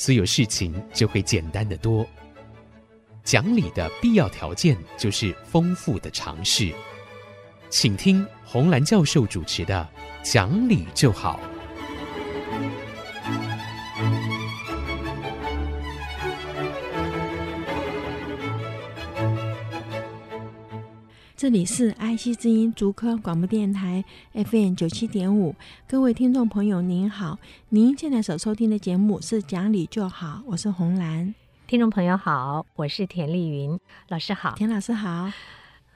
所有事情就會簡單得多。講理的必要條件就是豐富的常識，請聽洪蘭教授主持的《講理就好》。這裡是 IC 之音竹科廣播電台 FM 九七點五，各位聽眾朋友您好，您現在所收聽的節目是講理就好，我是紅蘭。聽眾朋友好，我是田麗雲老師好，田老師好，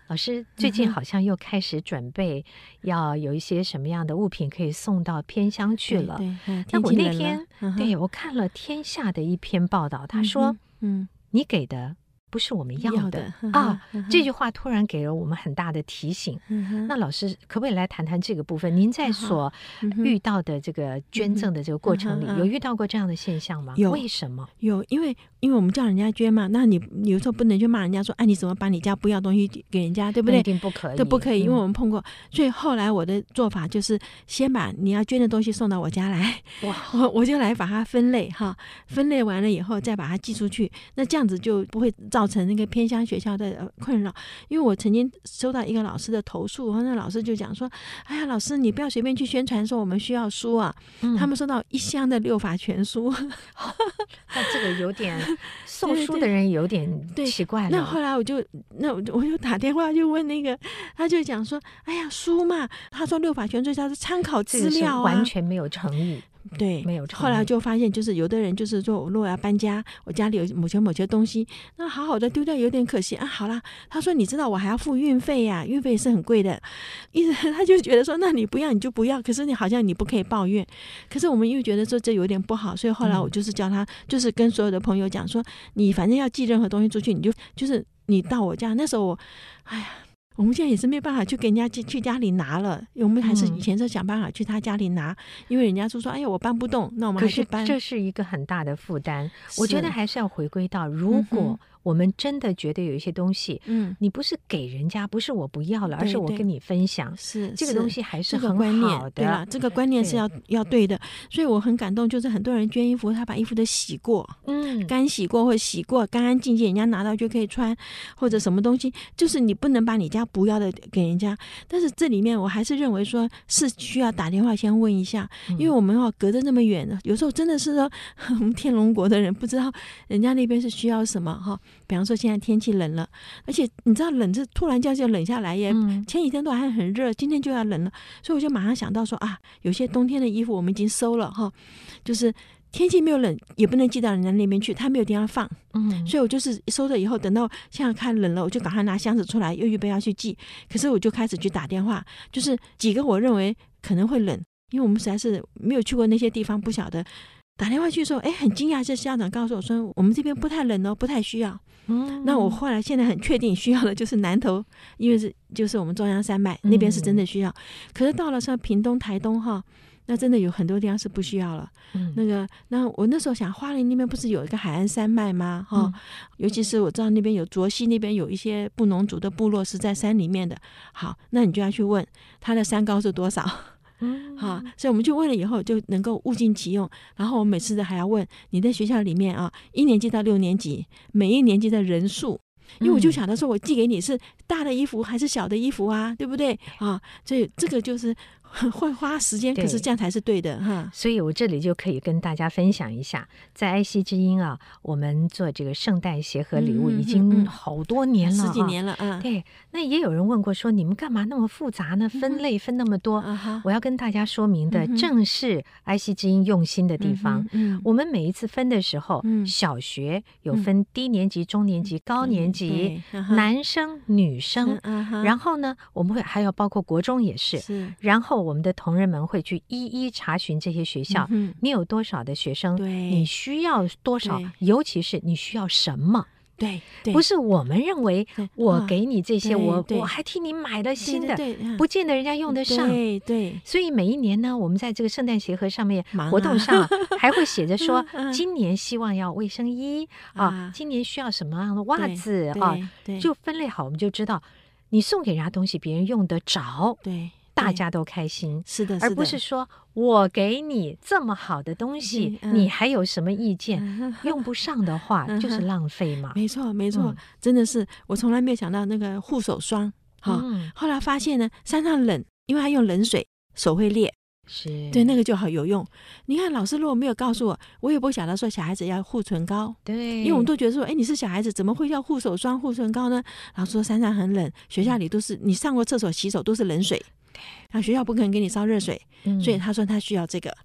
老師最近好像又開始準備要有一些什麼樣的物品可以送到偏鄉去了。對對對了那我那天、嗯、哼對，我看了天下的一篇報道，他說嗯，嗯，你給的。不是我們要的，要的，嗯、啊！嗯、哼這句話突然給了我們很大的提醒。嗯、哼那老師可不可以來談談這個部分？您在所遇到的這個捐贈的這個過程裡，嗯、哼有遇到過這樣的現象嗎？有、嗯哼，為什麼？有，有，因為因為我們叫人家捐嘛，那你有時候不能去罵人家說：“哎、啊，你怎麼把你家不要東西給人家，對不對？”一定不可以，都不可以。因為我們碰過，嗯、所以後來我的做法就是先把你要捐的東西送到我家來，哇我我就來把它分類哈，分類完了以後再把它寄出去。那這樣子就不會造。造成那個偏鄉學校的困擾，因為我曾經收到一個老師的投訴，然後那老師就講說：“哎呀，老師你不要隨便去宣傳說我們需要書啊。嗯”他們收到一箱的六法全書， 那這個有點送書的人有點奇怪了對對。那後來我就那我就打電話就問那個，他就講說：“哎呀，書嘛，他說六法全書他是參考資料、啊，完全沒有誠意。”對，後來就發現，就是有的人就是說，我如果要搬家，我家裡有某些某些東西，那好好的丟掉有點可惜啊。好啦，他說，你知道我還要付運費呀，啊，運費是很貴的。意思他就覺得說，那你不要你就不要，可是你好像你不可以抱怨。可是我們又覺得說這有點不好，所以後來我就是叫他，就是跟所有的朋友講說，你反正要寄任何東西出去，你就就是你到我家。那時候我，哎呀。我們現在也是沒辦法去給人家去家裡拿了，我們還是以前是想辦法去他家裡拿，嗯、因為人家說說，哎呀，我搬不動，那我們還是搬。是這是一個很大的負擔，是我覺得還是要回歸到如果、嗯。我們真的覺得有一些東西，嗯，你不是給人家，不是我不要了，而是我跟你分享，對對，是這個東西還是很好的。對吧？啊？這個觀念是要對，要對的，所以我很感動，就是很多人捐衣服，他把衣服都洗過，嗯，乾洗過或洗過，干干淨淨，人家拿到就可以穿，或者什麼東西，就是你不能把你家不要的給人家。但是這裡面我還是認為說，是需要打電話先問一下，因為我們哦隔着那麼遠，有時候真的是說，我們天龍國的人不知道人家那邊是需要什麼哈。比方說，現在天氣冷了，而且你知道冷是突然間就冷下來耶。嗯、前幾天都還很熱，今天就要冷了，所以我就馬上想到說啊，有些冬天的衣服我們已經收了哈、哦，就是天氣沒有冷也不能寄到人家那邊去，他沒有地方放，嗯，所以我就是收了以後，等到現在看冷了，我就趕快拿箱子出來，又預備要去寄，可是我就開始去打電話，就是幾個我認為可能會冷，因為我們實在是沒有去過那些地方，不曉得。打電話去說，哎，很驚訝，這校長告訴我說，我們這邊不太冷哦，不太需要。嗯，那我後來現在很確定需要的就是南投，因為是就是我們中央山脈，嗯，那邊是真的需要。可是到了像屏東、台東哈，那真的有很多地方是不需要了。嗯，那個，那我那時候想，花蓮那邊不是有一個海岸山脈嗎？哈，尤其是我知道那邊有卓溪那邊有一些布農族的部落是在山裡面的。好，那你就要去問他的山高是多少。嗯，好、 啊，所以我們就問了以後，就能夠物盡其用。然後我每次都還要問，你在學校裡面啊，一年級到六年級每一年級的人數，因為我就想到說，我寄給你是大的衣服還是小的衣服啊，對不對啊？所以這個就是。會花時間，可是這樣才是對的哈。所以，我這裡就可以跟大家分享一下，在 IC 之音啊，我們做這個聖誕鞋盒禮物已經好多年了，十幾年了啊。對，那也有人問過說，你們幹嘛那麼複雜呢？分類分那麼多？我要跟大家說明的，正是 IC 之音用心的地方。嗯，我們每一次分的時候，小學有分低年級、中年級、高年級、男生、女生。然後呢，我們會還有包括國中也是，然後。我們的同仁們會去一一查詢這些學校，你有多少的學生？你需要多少？尤其是你需要什麼？對，不是我們認為我給你這些，我我還替你買了新的，不見得人家用得上。對，所以每一年呢，我們在這個聖誕鞋盒上面活動上還會寫着說，今年希望要衛生衣啊，今年需要什麼樣的襪子啊？就分類好，我們就知道你送給人家東西，別人用得着。對。對大家都開心，是的，是的，而不是說我給你這麼好的東西，的你還有什麼意見？嗯、用不上的話、嗯、哼就是浪費嘛。沒錯，沒錯，嗯、真的是我從來沒有想到那個護手霜哈、嗯哦。後來發現呢，山上冷，因為還用冷水，手會裂。是對那個就好有用。你看老師如果沒有告訴我，我也不會想到說小孩子要護唇膏。對，因為我們都覺得說，哎、欸，你是小孩子，怎麼會要護手霜、護唇膏呢？老師說山上很冷，學校裡都是你上過廁所洗手都是冷水。啊，學校不可能給你燒熱水，所以他說他需要這個、嗯、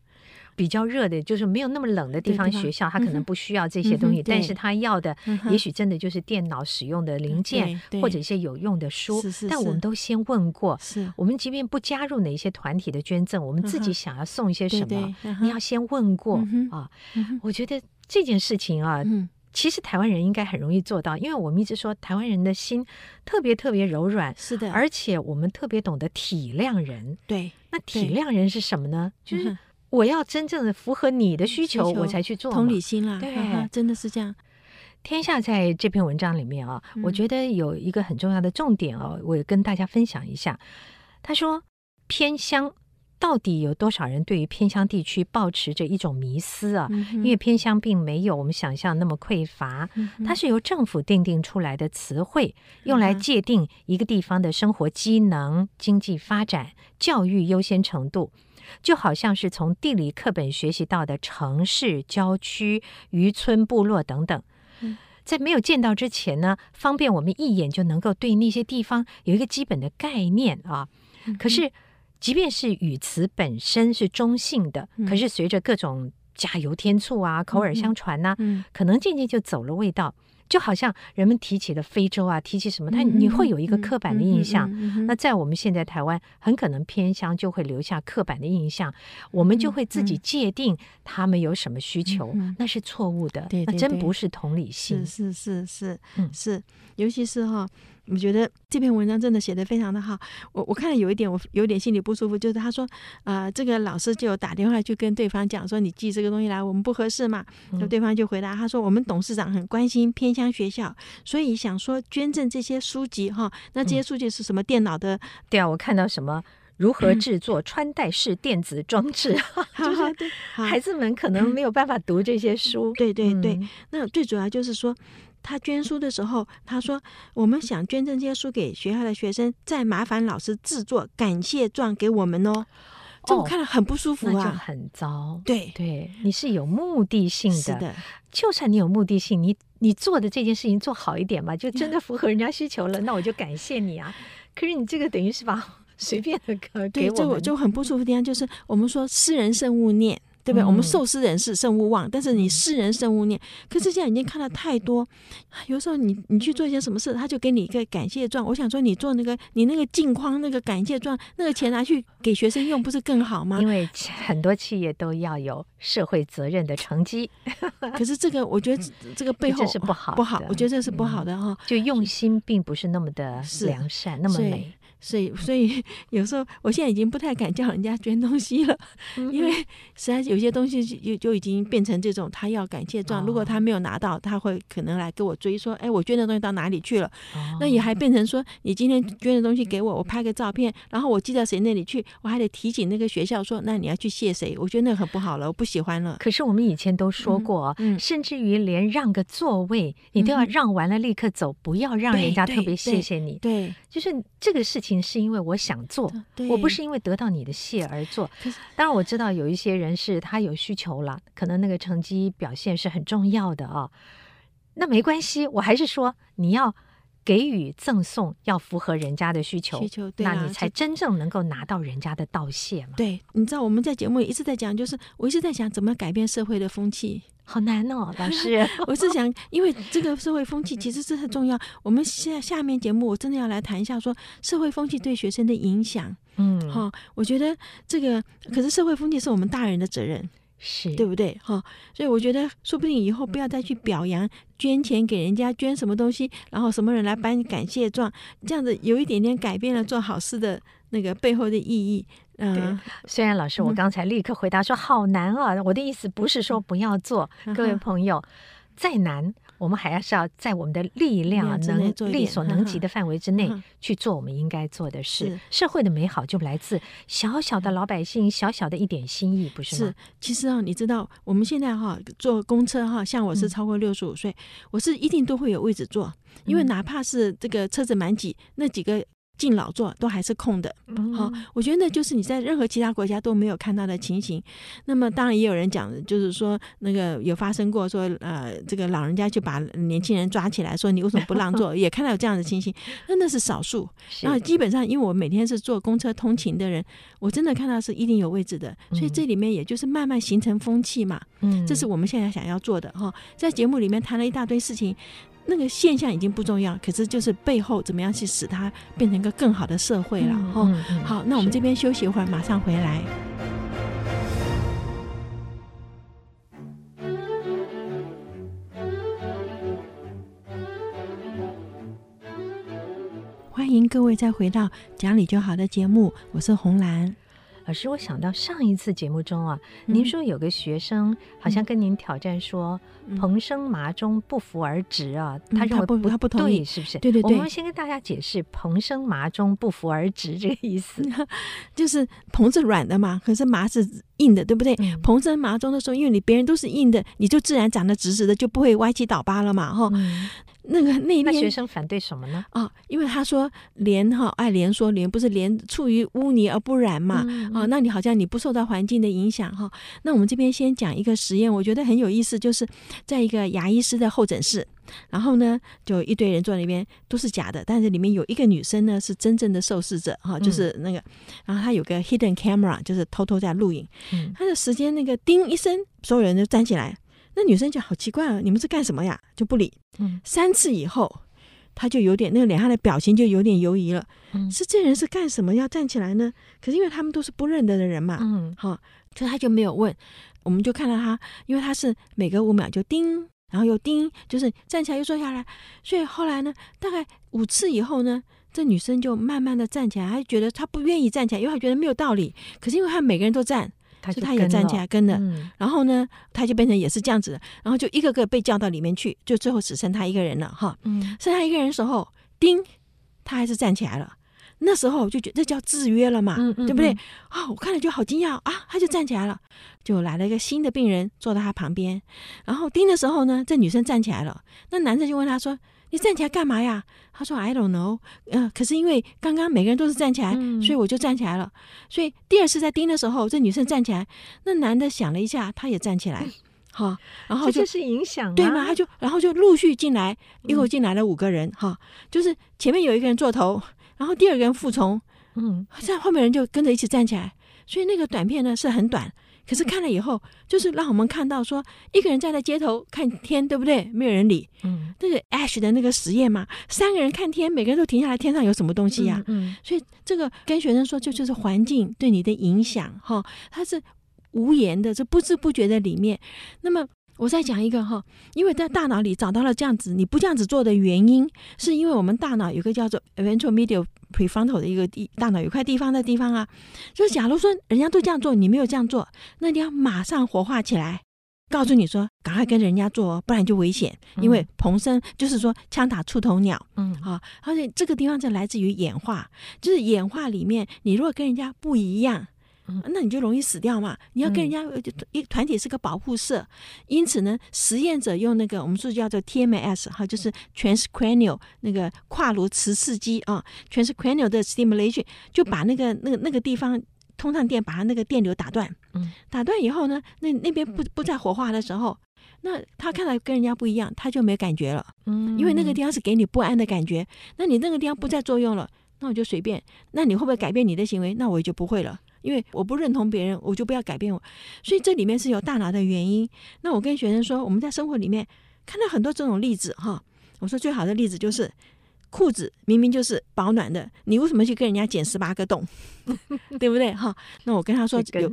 比較熱的，就是沒有那麼冷的地方。學校對對、嗯、他可能不需要這些東西，嗯、但是他要的也許真的就是電腦使用的零件或者一些有用的書。但我們都先問過，是是是我們即便不加入哪些團體的捐贈，是我們自己想要送一些什麼，嗯對對嗯、你要先問過、嗯嗯、啊。嗯、哼我覺得這件事情啊。嗯其實台灣人應該很容易做到，因為我們一直說台灣人的心特別特別柔軟，是的，而且我們特別懂得體諒人。對，那體諒人是什麼呢？對就是、嗯、我要真正的符合你的需求，需求我才去做。同理心啦，對啊，哈哈，真的是這樣。天下在這篇文章裡面啊、哦，我覺得有一個很重要的重點哦、嗯、我跟大家分享一下。他說偏鄉。到底有多少人對於偏鄉地區抱持着一種迷思啊？嗯、哼因為偏鄉並沒有我們想象那麼匱乏，嗯、哼它是由政府訂定出來的詞彙，嗯、哼用來界定一個地方的生活機能、經濟發展、教育優先程度，就好像是從地理課本學習到的城市、郊區、漁村、部落等等。嗯、在沒有見到之前呢，方便我們一眼就能夠對那些地方有一個基本的概念啊。嗯、哼可是即便是語詞本身是中性的，可是隨着各種加油添醋啊、嗯、口耳相傳吶、啊，嗯、可能漸漸就走了味道。嗯、就好像人們提起了非洲啊，提起什麼，他你會有一個刻板的印象。那在我們現在台灣，很可能偏鄉就會留下刻板的印象，嗯、我們就會自己界定他們有什麼需求，嗯嗯嗯、那是錯誤的。對，對，對，那真不是同理心。是是是是，嗯，是，尤其是哈、哦。我覺得這篇文章真的寫的非常的好。我我看了有一點我有點心裡不舒服，就是他說，呃，這個老師就打電話去跟對方講說，你寄這個東西來，我們不合適嘛。那、嗯、對方就回答他說，我們董事長很關心偏鄉學校，所以想說捐贈這些書籍哈、哦。那這些書籍是什麼？電腦的、嗯？對啊，我看到什麼如何製作穿戴式電子裝置，嗯、 就是孩子們可能沒有辦法讀這些書。嗯、對對對，嗯、那最主要就是說。他捐書的時候，他說：“我們想捐贈這些書給學校的學生，再麻煩老師製作感謝狀給我們哦。”這我看了很不舒服啊，哦、那就很糟。對對，你是有目的性的。是的，就算你有目的性，你你做的這件事情做好一點吧，就真的符合人家需求了，呀那我就感謝你啊。 可是你這個等於是把隨便的給我們，這我就很不舒服的地方，就是我們說“施人慎勿念”。對不對？嗯、我們受施人是慎勿忘；但是你施人慎勿念。可是現在已經看了太多，有時候你你去做一些什麼事，他就給你一個感謝狀。我想說，你做那個你那個鏡框那個感謝狀，那個錢拿去給學生用，不是更好嗎？因為很多企業都要有社會責任的成績， 可是這個我覺得這個背後這是不好不好，我覺得這是不好的哈、嗯。就用心並不是那麼的良善，是那麼美。所以，所以有時候，我現在已經不太敢叫人家捐東西了，因為實在有些東西就就已經變成這種他要感謝狀。如果他沒有拿到，他會可能來給我追說：“哎，我捐的東西到哪裡去了？”那也還變成說你今天捐的東西給我，我拍個照片，然後我寄到誰那裡去，我還得提醒那個學校說：“那你要去謝誰？”我覺得那很不好了，我不喜歡了。可是我們以前都說過，嗯嗯、甚至於連讓個座位，嗯、你都要讓完了立刻走，不要讓人家特別謝謝你。對，對對對就是。這個事情是因為我想做，對我不是因為得到你的謝而做。當然我知道有一些人是他有需求了，可能那個成績表現是很重要的啊、哦。那沒關係，我還是說你要給予贈送，要符合人家的需求，需求啊、那你才真正能夠拿到人家的道謝嘛。對，你知道我們在節目裡一直在講，就是我一直在想怎麼改變社會的風氣。好難哦，老師， 我是想，因為這個社會風氣其實是很重要。 我們下下面節目我真的要來談一下說，說社會風氣對學生的影響。嗯，哈、哦，我覺得這個可是社會風氣是我們大人的責任，是對不對？哈、哦，所以我覺得說不定以後不要再去表揚捐錢給人家，捐什麼東西，然後什麼人來頒感謝狀，這樣子有一點點改變了做好事的那個背後的意義。嗯、對，雖然老師，我剛才立刻回答說好難啊！嗯、我的意思不是說不要做，嗯嗯、各位朋友，嗯嗯、再難，我們還要是要在我們的力量能，量力所能及的範圍之內去做我們應該做的事。嗯嗯嗯、社會的美好就來自小小的老百姓小小的一點心意，不是嗎？是，其實啊，你知道我們現在哈、啊、坐公車哈、啊，像我是超過六十五歲，嗯、我是一定都會有位置坐，嗯、因為哪怕是這個車子蠻擠，那幾個。敬老座都還是空的，好、嗯，我覺得那就是你在任何其他國家都沒有看到的情形。那麼當然也有人講，就是說那個有發生過說，說呃這個老人家就把年輕人抓起來，說你為什麼不讓座？ 也看到有這樣的情形，那那是少數。那是基本上，因為我每天是坐公車通勤的人，我真的看到的是一定有位置的。所以這裡面也就是慢慢形成風氣嘛。嗯，這是我們現在想要做的哈。在節目裡面談了一大堆事情。那個現象已經不重要，可是就是背後怎麼樣去使它變成一個更好的社會了哈。好，是那我們這邊休息一會兒，馬上回來。嗯、歡迎各位再回到講理就好的節目，我是洪蘭。老師，我想到上一次節目中啊，嗯、您說有個學生好像跟您挑戰說“蓬、嗯、生麻中，不扶而直”啊，嗯、他認為不他不，他不同意，是不是？對對對，我們先跟大家解釋“蓬生麻中，不扶而直”這個意思，就是蓬是軟的嘛，可是麻是硬的，對不對？蓬、嗯、生麻中的時候，因為你別人都是硬的，你就自然長得直直的，就不會歪七倒八了嘛，哈。嗯那個那那學生反對什麼呢？啊、哦，因為他說蓮哈愛蓮說，蓮不是蓮處於污泥而不染嘛啊、嗯嗯哦，那你好像你不受到環境的影響哈、哦。那我們這邊先講一個實驗，我覺得很有意思，就是在一個牙醫師的候診室，然後呢就一堆人坐那邊都是假的，但是裡面有一個女生呢是真正的受試者哈、哦，就是那個，嗯、然後她有個 hidden camera 就是偷偷在錄影，嗯、她的時間那個叮一聲，所有人都站起來。那女生就好奇怪啊，你們是幹什麼呀？就不理。嗯，三次以後，他就有點那個臉上的表情就有點猶疑了。嗯，是這人是幹什麼要站起來呢？可是因為他們都是不認得的人嘛。嗯，好，所以他就沒有問。我們就看到他，因為他是每隔五秒就叮，然後又叮，就是站起來又坐下來。所以後來呢，大概五次以後呢，這女生就慢慢的站起來，還覺得她不願意站起來，因為她覺得沒有道理。可是因為她每個人都站。他就，就他也站起來跟着，嗯、然後呢，他就變成也是這樣子，然後就一個個被叫到裡面去，就最後只剩他一個人了哈。嗯、剩下一個人的時候，丁他還是站起來了。那時候我就覺得這叫制約了嘛，對不對？啊、嗯哦，我看了就好驚訝啊，他就站起來了。就來了一個新的病人，坐到他旁邊，然後丁的時候呢，這女生站起來了，那男生就問他說。你站起來幹嘛呀？他說：“I don't know。呃”嗯，可是因為剛剛每個人都是站起來，嗯、所以我就站起來了。所以第二次在盯的時候，這女生站起來，那男的想了一下，他也站起來。好、嗯，然後就這就是影響、啊、對嗎？他就然後就陸續進來，一會兒進來了五個人。哈、嗯哦，就是前面有一個人做頭，然後第二個人服從，嗯，在後面人就跟着一起站起來。所以那個短片呢，是很短。可是看了以後，就是讓我們看到說，一個人站在街頭看天，對不對？沒有人理，嗯，這個 Ash 的那個實驗嘛？三個人看天，每個人都停下來，天上有什麼東西呀？嗯，所以這個跟學生說，這就，就是環境對你的影響哈、哦，它是無言的，這不知不覺的裡面，那麼。我再講一個哈，因為在大腦裡找到了這樣子，你不這樣子做的原因，是因為我們大腦有個叫做 ventral m e d i a m prefrontal 的一個地大腦有塊地方的地方啊。就是假如說人家都這樣做，你沒有這樣做，那你要馬上火化起來，告訴你說趕快跟人家做哦，不然就危險。因為彭生就是說槍打出頭鳥，嗯啊，而且這個地方就來自於演化，就是演化裡面你如果跟人家不一樣。那你就容易死掉嘛。你要跟人家，一個、嗯、團體是個保護色，因此呢，實驗者用那個我們是叫做 TMS 哈、啊，就是 trans-cranial 那個跨顱磁刺激啊，trans-cranial 的 stimulation，就把那個那個那個地方通上電，把它那個電流打斷，打斷以後呢，那那邊不不再活化的時候，那他看來跟人家不一樣，他就沒感覺了，嗯，因為那個地方是給你不安的感覺，那你那個地方不再作用了，那我就隨便，那你會不會改變你的行為？那我也就不會了。因為我不認同別人，我就不要改變我，所以這裡面是有大腦的原因。那我跟學生說，我們在生活裡面看到很多這種例子哈、哦。我說最好的例子就是褲子明明就是保暖的，你為什麼去跟人家剪十八個洞？ 對不對哈、哦？那我跟他說 有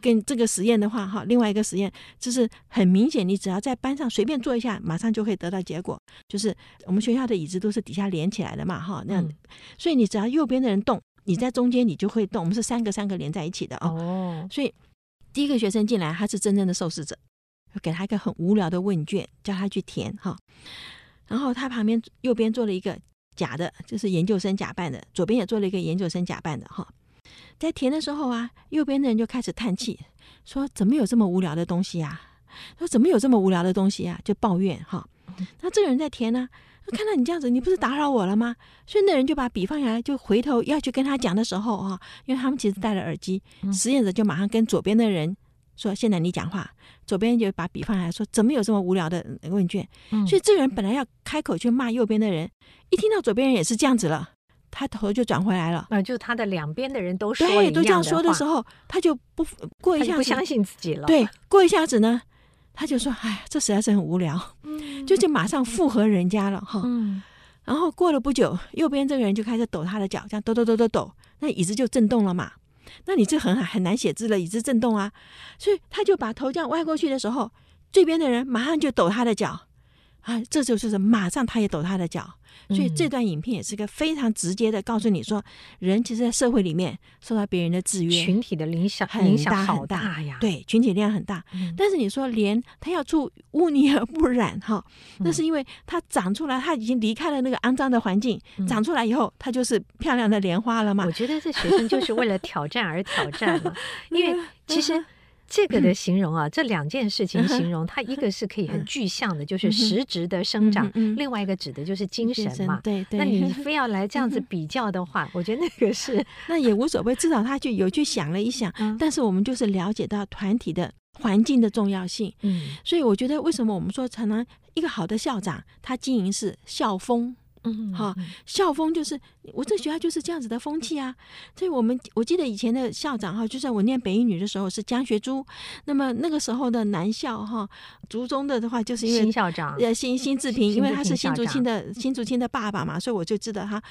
跟這個實驗的話哈、哦，另外一個實驗就是很明顯，你只要在班上隨便做一下，馬上就可以得到結果。就是我們學校的椅子都是底下連起來的嘛哈、哦，那樣，嗯、所以你只要右邊的人動。你在中間，你就會動。我們是三個三個連在一起的哦，嗯、所以第一個學生進來，他是真正的受試者，給他一個很無聊的問卷，叫他去填哈、哦。然後他旁邊右邊坐了一個假的，就是研究生假扮的；左邊也坐了一個研究生假扮的哈、哦。在填的時候啊，右邊的人就開始嘆氣，說：“怎麼有這麼無聊的東西呀、啊？”說：“怎麼有這麼無聊的東西呀、啊？”就抱怨哈。哦嗯、那這個人，在填呢、啊。看到你這樣子，你不是打擾我了嗎？所以那人就把筆放下來，就回頭要去跟他講的時候啊，因為他們其實戴了耳機，實驗者就馬上跟左邊的人說：“現在你講話。”左邊就把筆放下來說：“怎麼有這麼無聊的問卷？”所以這個人本來要開口去罵右邊的人，一聽到左邊人也是這樣子了，他頭就轉回來了。啊、呃，就他的兩邊的人都說了的對，他也都這樣說的時候，他就不過一下子他就不相信自己了。對，過一下子呢，他就說：“哎，這實在是很無聊。”就就馬上附和人家了哈，嗯、然後過了不久，右邊這個人就開始抖他的腳，這樣抖抖抖抖抖，那椅子就震動了嘛。那你這很很很難寫字了，椅子震動啊，所以他就把頭這樣歪過去的時候，這邊的人馬上就抖他的腳啊，這就是馬上他也抖他的腳。所以這段影片也是個非常直接的告訴你說，嗯、人其實，在社會裡面受到別人的制約，群體的影響很大很大呀。對，群體量很大。嗯、但是你說蓮，它要出污泥而不染哈，嗯、那是因為它長出來，它已經離開了那個骯髒的環境，嗯、長出來以後，它就是漂亮的蓮花了嘛。我覺得這學生就是為了挑戰而挑戰嘛， 因為其實。這個的形容啊，嗯、這兩件事情形容，嗯、它一個是可以很具象的，嗯、哼就是實質的生長，嗯嗯、另外一個指的就是精神嘛。神，對，對，那你非要來這樣子比較的話，嗯、哼我覺得那個是那也無所謂， 至少他去有去想了一想。但是我們就是了解到團體的環境的重要性。嗯，所以我覺得為什麼我們說才能一個好的校長，他經營是校風。嗯，嗯，嗯，好，校風就是我這學校就是這樣子的風氣啊。所以我們我記得以前的校長哈，就是我念北一女的時候是江學珠。那麼那個時候的男校哈，竹中的的話就是因為新校長呃辛辛志平，平因為他是辛竹青的辛竹青的爸爸嘛，所以我就知道哈，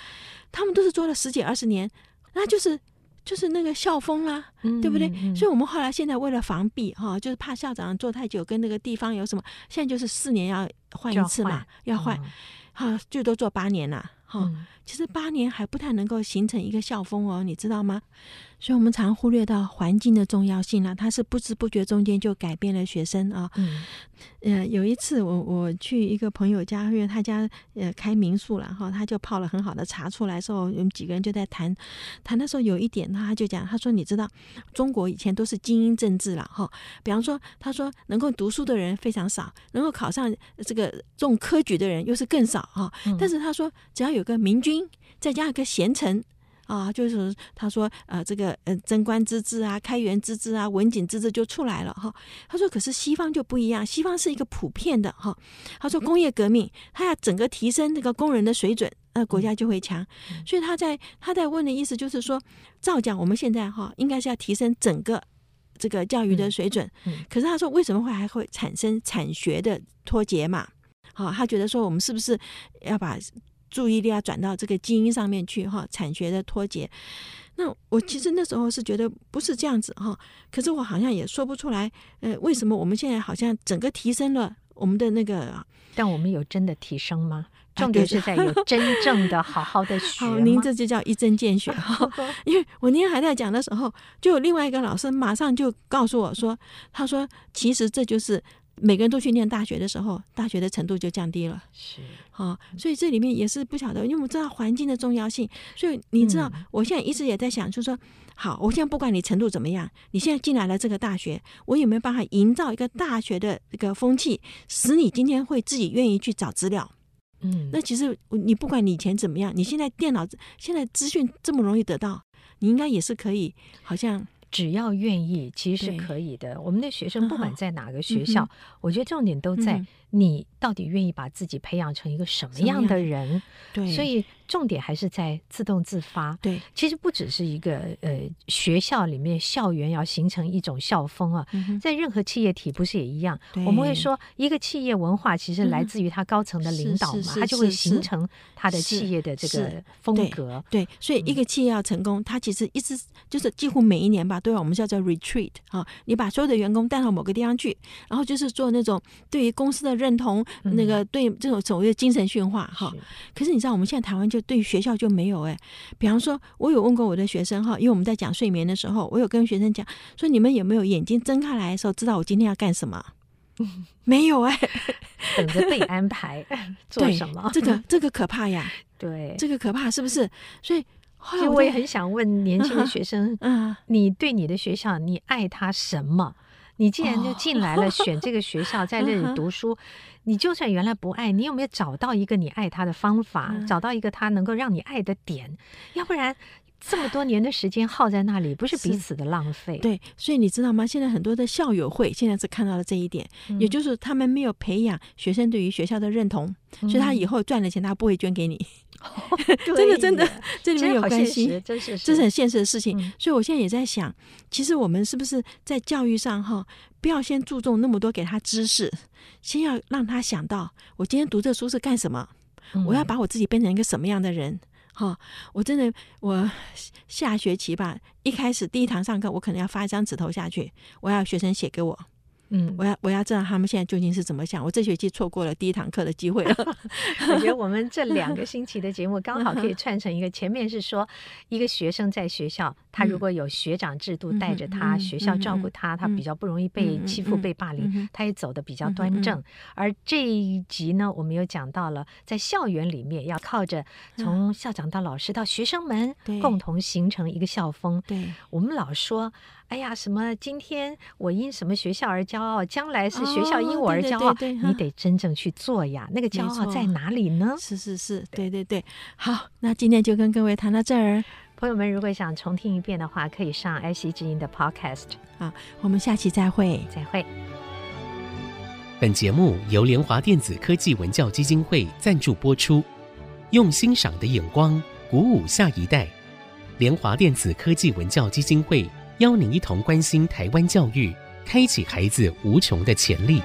他們都是做了十幾二十年，那就是就是那個校風啦、啊，嗯嗯對不對？所以我們後來現在為了防弊哈，就是怕校長做太久跟那個地方有什麼，現在就是四年要換一次嘛，要換。要換嗯啊，最多、哦、做八年了。哈、哦，嗯、其實八年還不太能夠形成一個校風哦，你知道嗎？所以我們常忽略到環境的重要性了，他是不知不覺中間就改變了學生啊。哦、嗯。呃，有一次我我去一個朋友家，因為他家呃開民宿了哈，他就泡了很好的茶出來，之後我們幾個人就在談。談那時候有一點，他就講，他說你知道中國以前都是精英政治了哈。比方說，他說能夠讀書的人非常少，能夠考上這個這種科舉的人又是更少哈，嗯、但是他說，只要有個明君，再加一個賢臣。啊，就是他說，呃，這個嗯，呃、貞觀之治啊，開元之治啊，文景之治就出來了哈、哦。他說，可是西方就不一樣，西方是一個普遍的哈、哦。他說，工業革命，他要整個提升這個工人的水準，那、呃、國家就會強。嗯、所以他在他在問的意思就是說，照講我們現在哈、哦，應該是要提升整個這個教育的水準。嗯嗯、可是他說，為什麼會還會產生產學的脫節嘛？好、哦，他覺得說，我們是不是要把？注意力要轉到這個基因上面去哈，產學的脫節。那我其實那時候是覺得不是這樣子哈，嗯、可是我好像也說不出來，呃，為什麼我們現在好像整個提升了我們的那個？但我們有真的提升嗎？重點是在有真正的好好的學 好，您這就叫一針見血哈， 因為我今天還在講的時候，就有另外一個老師馬上就告訴我說，他說其實這就是。每個人都去念大學的時候，大學的程度就降低了。是，好，哦，所以這裡面也是不曉得，因為我們知道環境的重要性，所以你知道，嗯，我現在一直也在想，就是說，好，我現在不管你程度怎麼樣，你現在進來了這個大學，我有沒有辦法營造一個大學的這個風氣，使你今天會自己願意去找資料？嗯，那其實你不管你以前怎麼樣，你現在電腦現在資訊這麼容易得到，你應該也是可以，好像。只要願意，其實是可以的。對我們的學生不管在哪個學校，哦嗯、我覺得重點都在、嗯、哼你到底願意把自己培養成一個什麼樣的人。對，所以。重點還是在自動自發。對，其實不只是一個呃，學校裡面校園要形成一種校風啊，嗯、哼在任何企業體不是也一樣？對我們會說，一個企業文化其實來自於他高層的領導嘛，嗯、他就會形成他的企業的這個風格對。對，所以一個企業要成功，他其實一直就是幾乎每一年吧都要，我們叫做 retreat 啊、哦，你把所有的員工帶到某個地方去，然後就是做那種對於公司的認同，嗯、那個對這種所謂的精神馴化哈。哦、是可是你知道，我們現在台灣就。對學校就沒有哎，比方說，我有問過我的學生哈，因為我們在講睡眠的時候，我有跟學生講說，你們有沒有眼睛睜開來的時候知道我今天要幹什麼？嗯、沒有哎，等着被安排 做什麼？這個這個可怕呀！對，這個可怕是不是？所以，後來我，我也很想問年輕的學生，啊、嗯嗯、你對你的學校，你愛他什麼？你既然就進來了，選這個學校，在這裡讀書，哦、呵呵，你就算原來不愛你，有沒有找到一個你愛他的方法？嗯、找到一個他能夠讓你愛的點，要不然。這麼多年的時間耗在那裡，不是彼此的浪費。對，所以你知道嗎？現在很多的校友會現在是看到了這一點，嗯、也就是他們沒有培養學生對於學校的認同，嗯、所以他以後賺了錢，他不會捐給你。哦、對的 真的，真的，這裡面有關係，這，這是很現實的事情。嗯、所以我現在也在想，其實我們是不是在教育上哈，不要先注重那麼多給他知識，先要讓他想到：我今天讀這書是幹什麼？嗯、我要把我自己變成一個什麼樣的人？哈、哦，我真的，我下學期吧，一開始第一堂上課，我可能要發一張紙頭下去，我要學生寫給我。嗯，我要我要知道他們現在究竟是怎麼想。我這學期錯過了第一堂課的機會了。 我覺得我們這兩個星期的節目剛好可以串成一個。前面是說一個學生在學校，嗯、他如果有學長制度帶着他，嗯嗯嗯、學校照顧他，嗯、他比較不容易被欺負、嗯、被霸凌，嗯、他也走得比較端正。嗯嗯嗯、而這一集呢，我們又講到了在校園裡面要靠着從校長到老師到學生們、嗯、共同形成一個校風。對，我們老說。哎呀，什麼？今天我因什麼學校而驕傲？將來是學校因我而驕傲。哦、對對對對，你得真正去做呀！嗯、那個驕傲在哪裡呢？是是是，對對對。好，那今天就跟各位談到這兒。朋友們，如果想重聽一遍的話，可以上 IC 之音的 Podcast 啊。我們下期再會，再會。本節目由聯華電子科技文教基金會贊助播出，用欣賞的眼光鼓舞下一代。聯華電子科技文教基金會。邀您一同關心台灣教育，開啟孩子無窮的潛力。